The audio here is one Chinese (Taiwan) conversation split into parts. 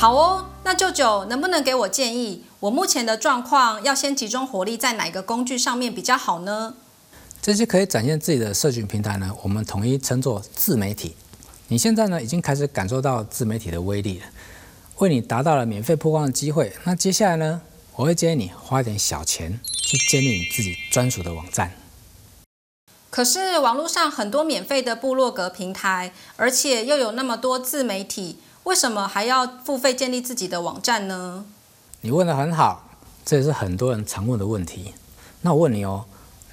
好哦，那舅舅能不能給我建議？我目前的狀況，要先集中火力在哪一個工具上面比較好呢？這些可以展現自己的社群平台呢，我們統一稱作自媒體。你現在呢，已經開始感受到自媒體的威力了，為你達到了免費曝光的機會。那接下來呢，我會建議你花一點小錢去建立你自己專屬的網站。可是網絡上很多免費的部落格平台，而且又有那麼多自媒體。為什麼還要付費建立自己的網站呢？你問得很好，這也是很多人常問的問題。那我問你哦，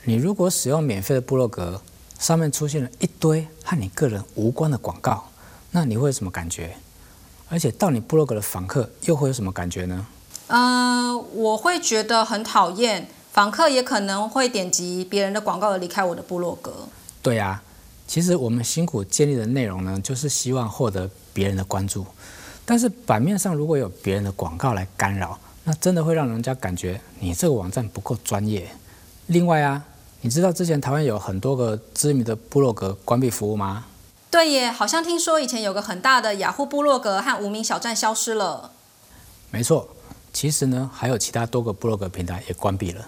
你如果使用免費的部落格，上面出現了一堆和你個人無關的廣告，那你會有什麼感覺？而且到你部落格的訪客又會有什麼感覺呢？嗯、呃，我會覺得很討厭，訪客也可能會點擊別人的廣告而離開我的部落格。對呀、啊。其實我們辛苦建立的內容呢，就是希望獲得別人的關注。但是版面上如果有別人的廣告來干擾，那真的會讓人家感覺你這個網站不夠專業。另外啊，你知道之前台灣有很多個知名的部落格關閉服務嗎？對耶，好像聽說以前有個很大的雅虎部落格和無名小站消失了。沒錯，其實呢，還有其他多個部落格平台也關閉了。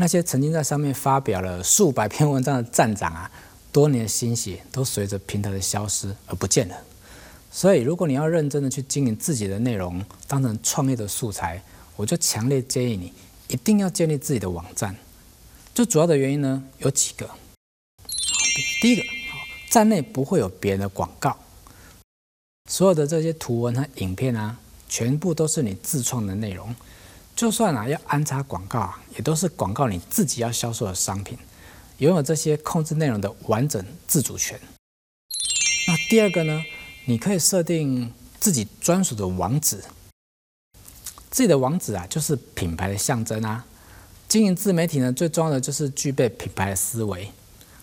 那些曾經在上面發表了數百篇文章的站長啊。多年的心血都隨着平台的消失而不見了。所以，如果你要認真的去經營自己的內容，當成創業的素材，我就強烈建議你一定要建立自己的網站。最主要的原因呢，有幾個。第一個，站內不會有別人的廣告，所有的這些圖文和影片啊，全部都是你自創的內容。就算啊要安插廣告啊，也都是廣告你自己要銷售的商品。擁有這些控制內容的完整自主權。那第二個呢，你可以設定自己專屬的網址。自己的網址啊，就是品牌的象徵啊。經營自媒體呢，最重要的就是具備品牌的思維。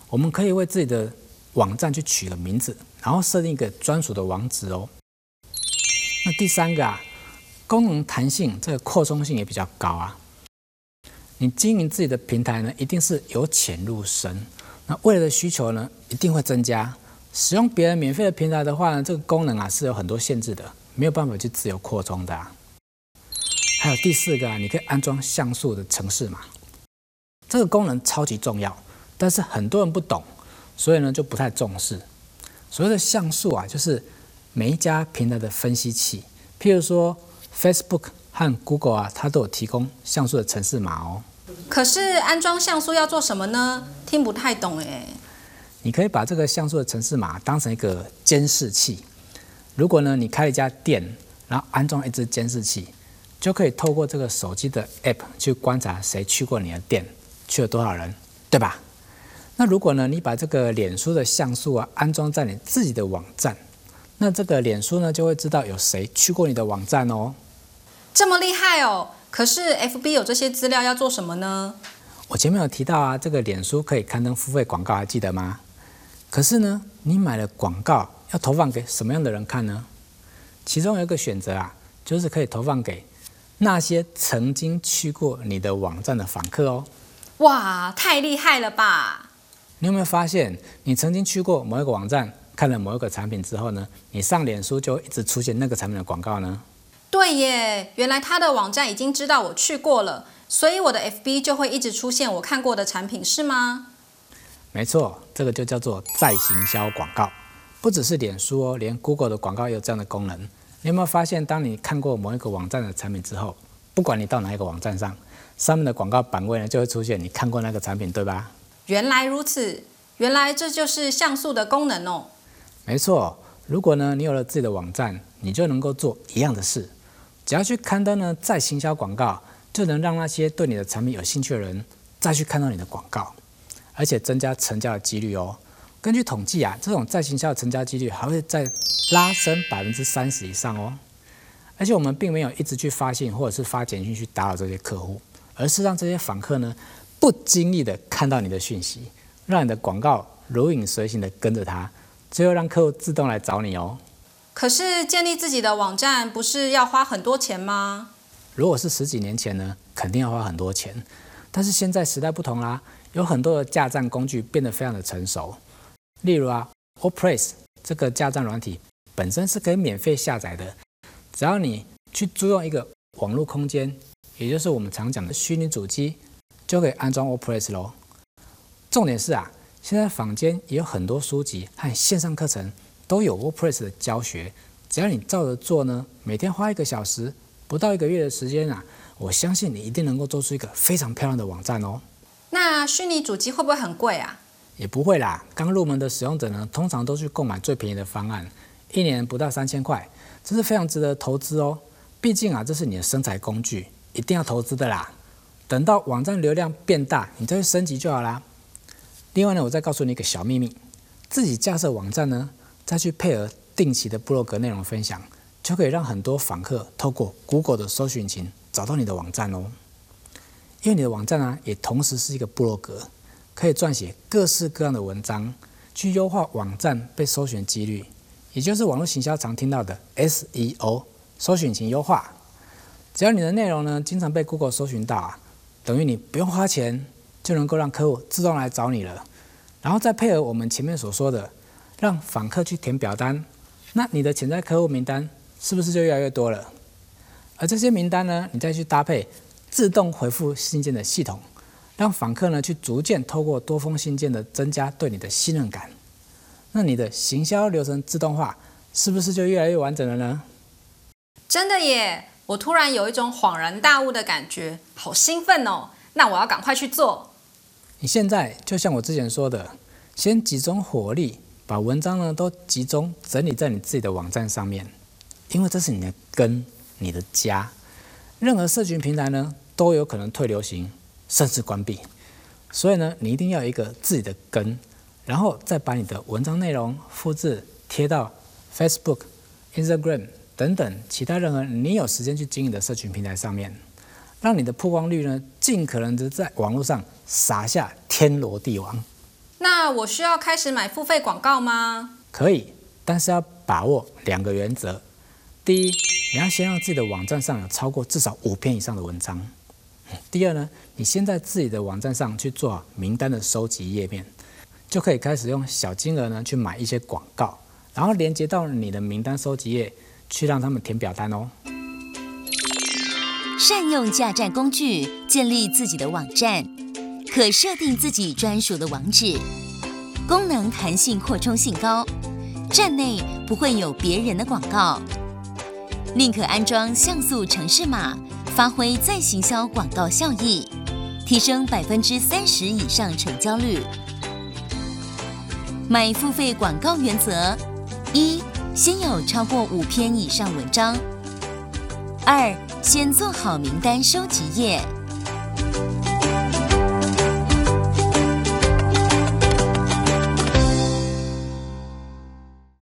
我們可以為自己的網站去取個名字，然後設定一個專屬的網址哦。那第三個啊，功能彈性，這個擴充性也比較高啊。你經營自己的平台呢，一定是由淺入深。那未來的需求呢，一定會增加。使用別人免費的平台的話呢，這個功能啊是有很多限制的，沒有辦法去自由擴充的啊。還有第四個啊，你可以安裝像素的程式嘛。這個功能超級重要，但是很多人不懂，所以呢就不太重視。所謂的像素啊，就是每一家平台的分析器，譬如說 Facebook。和 Google 啊，它都有提供像素的程式碼哦。可是安裝像素要做什麼呢？聽不太懂誒。你可以把這個像素的程式碼當成一個監視器。如果呢，你開了一家店，然後安裝一隻監視器，就可以透過這個手機的 App 去觀察誰去過你的店，去了多少人，對吧？那如果呢，你把這個臉書的像素啊安裝在你自己的網站，那這個臉書呢就會知道有誰去過你的網站哦。這麼厲害哦！可是 FB 有這些資料要做什麼呢？我前面有提到啊，這個臉書可以刊登付費廣告，還記得嗎？可是呢，你買了廣告要投放給什麼樣的人看呢？其中有一個選擇啊，就是可以投放給那些曾經去過你的網站的訪客哦。哇，太厲害了吧！你有沒有發現，你曾經去過某一個網站，看了某一個產品之後呢，你上臉書就一直出現那個產品的廣告呢？對耶，原來他的網站已經知道我去過了，所以我的 FB 就會一直出現我看過的產品，是嗎？沒錯，這個就叫做再行銷廣告，不只是臉書哦，連 Google 的廣告也有這樣的功能。你有沒有發現，當你看過某一個網站的產品之後，不管你到哪一個網站上，上面的廣告版位呢就會出現你看過那個產品，對吧？原來如此，原來這就是像素的功能哦。沒錯，如果呢你有了自己的網站，你就能夠做一樣的事。只要去刊登呢，再行銷廣告，就能讓那些對你的產品有興趣的人再去看到你的廣告，而且增加成交的幾率哦。根據統計啊，這種再行銷的成交幾率還會再拉升百分之三十以上哦。而且我們並沒有一直去發信或者是發簡訊去打擾這些客戶，而是讓這些訪客呢，不經意的看到你的訊息，讓你的廣告如影隨形的跟着他，最後讓客戶自動來找你哦。可是建立自己的網站不是要花很多錢嗎？如果是十幾年前呢，肯定要花很多錢。但是現在時代不同啦、啊，有很多的架站工具變得非常的成熟。例如啊，WordPress 這個架站軟體本身是可以免費下載的，只要你去租用一個網絡空間，也就是我們常講的虛擬主機，就可以安裝 WordPress 嘍。重點是啊，現在坊間也有很多書籍和線上課程。都有 WordPress 的教學，只要你照着做呢，每天花一個小時，不到一個月的時間啊，我相信你一定能夠做出一個非常漂亮的網站哦。那虛擬主機會不會很貴啊？也不會啦。剛入門的使用者呢，通常都去購買最便宜的方案，一年不到三千塊，這是非常值得投資哦。畢竟啊，這是你的生財工具，一定要投資的啦。等到網站流量變大，你再去升級就好啦。另外呢，我再告訴你一個小秘密，自己架設網站呢。再去配合定期的部落格內容分享，就可以讓很多訪客透過 Google 的搜尋引擎找到你的網站哦。因為你的網站呢、啊，也同時是一個部落格，可以撰寫各式各樣的文章，去優化網站被搜尋幾率，也就是網絡行銷常聽到的 SEO（ 搜尋引擎優化）。只要你的內容呢，經常被 Google 搜尋到啊，等於你不用花錢就能夠讓客戶自動來找你了。然後再配合我們前面所說的。讓訪客去填表單，那你的潛在客戶名單是不是就越來越多了？而這些名單呢，你再去搭配自動回復信件的系統，讓訪客呢去逐漸透過多封信件的增加對你的信任感，那你的行銷流程自動化是不是就越來越完整了呢？真的耶！我突然有一種恍然大悟的感覺，好興奮哦！那我要趕快去做。你現在就像我之前說的，先集中火力。把文章呢都集中整理在你自己的網站上面，因為這是你的根，你的家。任何社群平台呢都有可能退流行，甚至關閉。所以呢，你一定要有一個自己的根，然後再把你的文章內容複製貼到 Facebook、Instagram 等等其他任何你有時間去經營的社群平台上面，讓你的曝光率呢盡可能的在網絡上撒下天羅地網。那我需要開始買付費廣告嗎？可以，但是要把握兩個原則。第一，你要先讓自己的網站上有超過至少五篇以上的文章。第二呢，你先在自己的網站上去做好名單的收集頁面，就可以開始用小金額呢去買一些廣告，然後連接到你的名單收集頁去讓他們填表單哦。善用架站工具，建立自己的網站，可設定自己專屬的網址。功能彈性擴充性高，站內不會有別人的廣告，寧可安裝像素程式碼，發揮再行銷廣告效益，提升百分之三十以上成交率。買付費廣告原則：一，先有超過五篇以上文章；二，先做好名單收集頁。